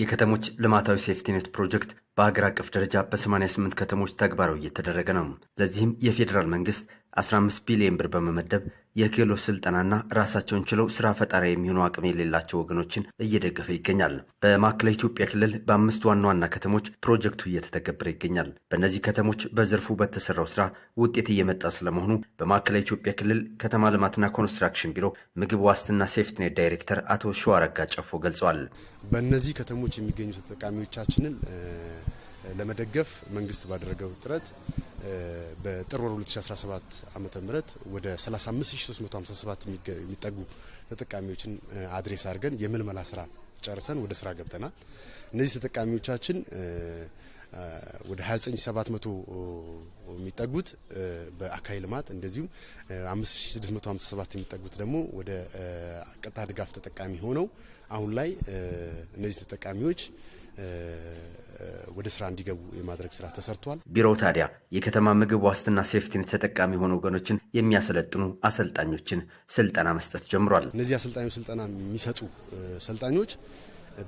የከተሞች ልማታዊ ሴፍቲኔት ፕሮጀክት በሀገር አቀፍ ደረጃ በ88 ከተሞች ተግባራዊ እየተደረገ ነው። ለዚህም የፌዴራል መንግስት 15 ቢሊዮን ብር በመመደብ የክህሎት ስልጠናና ራሳቸውን ችለው ስራ ፈጣሪ የሚሆኑ አቅም የሌላቸው ወገኖችን እየደገፈ ይገኛል። በማዕከላዊ ኢትዮጵያ ክልል በአምስት ዋና ዋና ከተሞች ፕሮጀክቱ እየተተገበረ ይገኛል። በእነዚህ ከተሞች በዘርፉ በተሰራው ስራ ውጤት እየመጣ ስለመሆኑ በማዕከላዊ ኢትዮጵያ ክልል ከተማ ልማትና ኮንስትራክሽን ቢሮ ምግብ ዋስትና ሴፍትኔት ዳይሬክተር አቶ ሸዋረጋ ጨፎ ገልጸዋል። በእነዚህ ከተሞች የሚገኙ ተጠቃሚዎቻችንን ለመደገፍ መንግስት ባደረገው ጥረት በጥር ወር 2017 ዓ ም ወደ 35357 የሚጠጉ ተጠቃሚዎችን አድሬስ አድርገን የምልመላ ስራ ጨርሰን ወደ ስራ ገብተናል። እነዚህ ተጠቃሚዎቻችን ወደ 29700 የሚጠጉት በአካይ ልማት እንደዚሁም 5657 የሚጠጉት ደግሞ ወደ ቀጥታ ድጋፍ ተጠቃሚ ሆነው አሁን ላይ እነዚህ ተጠቃሚዎች ወደ ስራ እንዲገቡ የማድረግ ስራ ተሰርቷል። ቢሮው ታዲያ የከተማ ምግብ ዋስትና ሴፍቲኔት ተጠቃሚ የሆኑ ወገኖችን የሚያሰለጥኑ አሰልጣኞችን ስልጠና መስጠት ጀምሯል። እነዚህ አሰልጣኞች ስልጠና የሚሰጡ ሰልጣኞች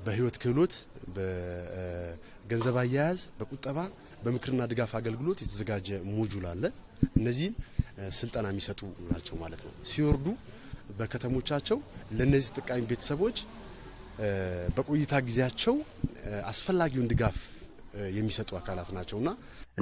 በህይወት ክህሎት፣ በገንዘብ አያያዝ፣ በቁጠባ፣ በምክርና ድጋፍ አገልግሎት የተዘጋጀ ሞጁል አለ። እነዚህን ስልጠና የሚሰጡ ናቸው ማለት ነው። ሲወርዱ በከተሞቻቸው ለእነዚህ ተጠቃሚ ቤተሰቦች በቆይታ ጊዜያቸው አስፈላጊውን ድጋፍ የሚሰጡ አካላት ናቸውና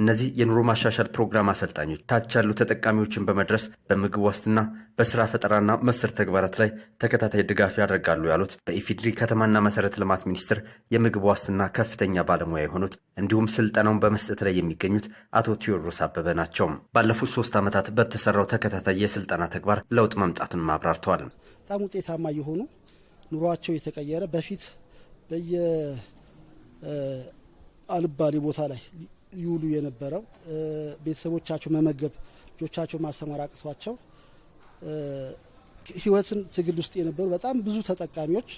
እነዚህ የኑሮ ማሻሻል ፕሮግራም አሰልጣኞች ታች ያሉ ተጠቃሚዎችን በመድረስ በምግብ ዋስትና በስራ ፈጠራና መስር ተግባራት ላይ ተከታታይ ድጋፍ ያደርጋሉ ያሉት በኢፌዴሪ ከተማና መሰረተ ልማት ሚኒስቴር የምግብ ዋስትና ከፍተኛ ባለሙያ የሆኑት እንዲሁም ስልጠናውን በመስጠት ላይ የሚገኙት አቶ ቴዎድሮስ አበበ ናቸው። ባለፉት ሶስት ዓመታት በተሰራው ተከታታይ የስልጠና ተግባር ለውጥ መምጣቱን አብራርተዋል። በጣም ውጤታማ የሆኑ ኑሯቸው የተቀየረ በፊት በየ አልባሌ ቦታ ላይ ይውሉ የነበረው ቤተሰቦቻቸው መመገብ ልጆቻቸው ማስተማር አቅቷቸው ህይወትን ትግል ውስጥ የነበሩ በጣም ብዙ ተጠቃሚዎች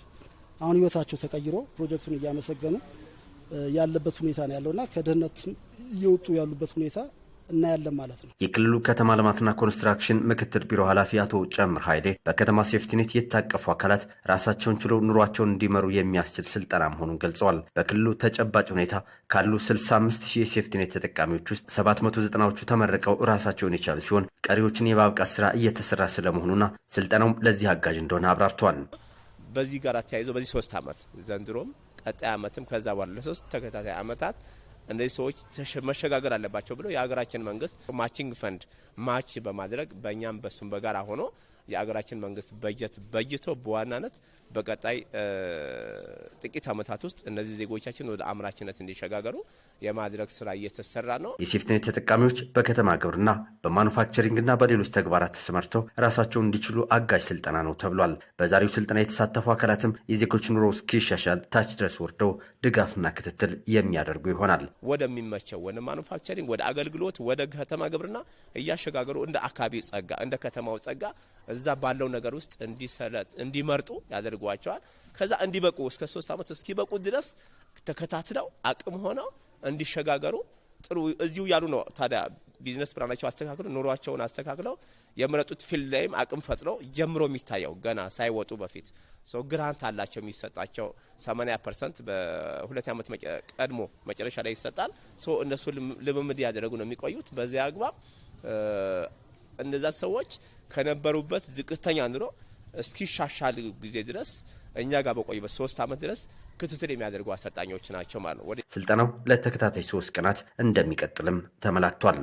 አሁን ህይወታቸው ተቀይሮ ፕሮጀክቱን እያመሰገኑ ያለበት ሁኔታ ነው ያለውና ከድህነት እየወጡ ያሉበት ሁኔታ እናያለን ማለት ነው። የክልሉ ከተማ ልማትና ኮንስትራክሽን ምክትል ቢሮ ኃላፊ አቶ ጨምር ኃይሌ በከተማ ሴፍቲኔት የታቀፉ አካላት ራሳቸውን ችለው ኑሯቸውን እንዲመሩ የሚያስችል ስልጠና መሆኑን ገልጸዋል። በክልሉ ተጨባጭ ሁኔታ ካሉ 65 ሺህ የሴፍቲኔት ተጠቃሚዎች ውስጥ 790ዎቹ ተመርቀው ራሳቸውን የቻሉ ሲሆን ቀሪዎችን የማብቃት ስራ እየተሰራ ስለመሆኑና ስልጠናውም ለዚህ አጋዥ እንደሆነ አብራርቷል። በዚህ ጋር ተያይዞ በዚህ ሶስት ዓመት ዘንድሮም ቀጣይ ዓመትም ከዛ በኋላ ለሶስት ተከታታይ ዓመታት እነዚህ ሰዎች መሸጋገር አለባቸው ብለው የሀገራችን መንግስት ማቺንግ ፈንድ ማች በማድረግ በእኛም በሱም በጋራ ሆኖ የሀገራችን መንግስት በጀት በጅቶ በዋናነት በቀጣይ ጥቂት ዓመታት ውስጥ እነዚህ ዜጎቻችን ወደ አምራችነት እንዲሸጋገሩ የማድረግ ስራ እየተሰራ ነው። የሴፍትኔት ተጠቃሚዎች በከተማ ግብርና በማኑፋክቸሪንግና በሌሎች ተግባራት ተሰማርተው ራሳቸውን እንዲችሉ አጋዥ ስልጠና ነው ተብሏል። በዛሬው ስልጠና የተሳተፉ አካላትም የዜጎች ኑሮ እስኪሻሻል ታች ድረስ ወርደው ድጋፍና ክትትል የሚያደርጉ ይሆናል። ወደሚመቸው ወደ ማኑፋክቸሪንግ፣ ወደ አገልግሎት፣ ወደ ከተማ ግብርና እያሸጋገሩ እንደ አካባቢ ጸጋ፣ እንደ ከተማው ጸጋ እዛ ባለው ነገር ውስጥ እንዲመርጡ ያደርጉ ያስፈልጓቸዋል። ከዛ እንዲበቁ እስከ ሶስት ዓመት እስኪበቁ ድረስ ተከታትለው አቅም ሆነው እንዲሸጋገሩ ጥሩ እዚሁ ያሉ ነው። ታዲያ ቢዝነስ ፕላናቸው አስተካክለው ኑሯቸውን አስተካክለው የምረጡት ፊልድ ላይም አቅም ፈጥረው ጀምሮ የሚታየው ገና ሳይወጡ በፊት ሰው ግራንት አላቸው የሚሰጣቸው 80 ፐርሰንት በሁለት ዓመት ቀድሞ መጨረሻ ላይ ይሰጣል። ሰው እነሱ ልምምድ ያደረጉ ነው የሚቆዩት። በዚያ አግባብ እነዛ ሰዎች ከነበሩበት ዝቅተኛ ኑሮ እስኪሻሻል ጊዜ ድረስ እኛ ጋር በቆይበት ሶስት ዓመት ድረስ ክትትል የሚያደርጉ አሰልጣኞች ናቸው ማለት ነው። ስልጠናው ለተከታታይ ሶስት ቀናት እንደሚቀጥልም ተመላክቷል።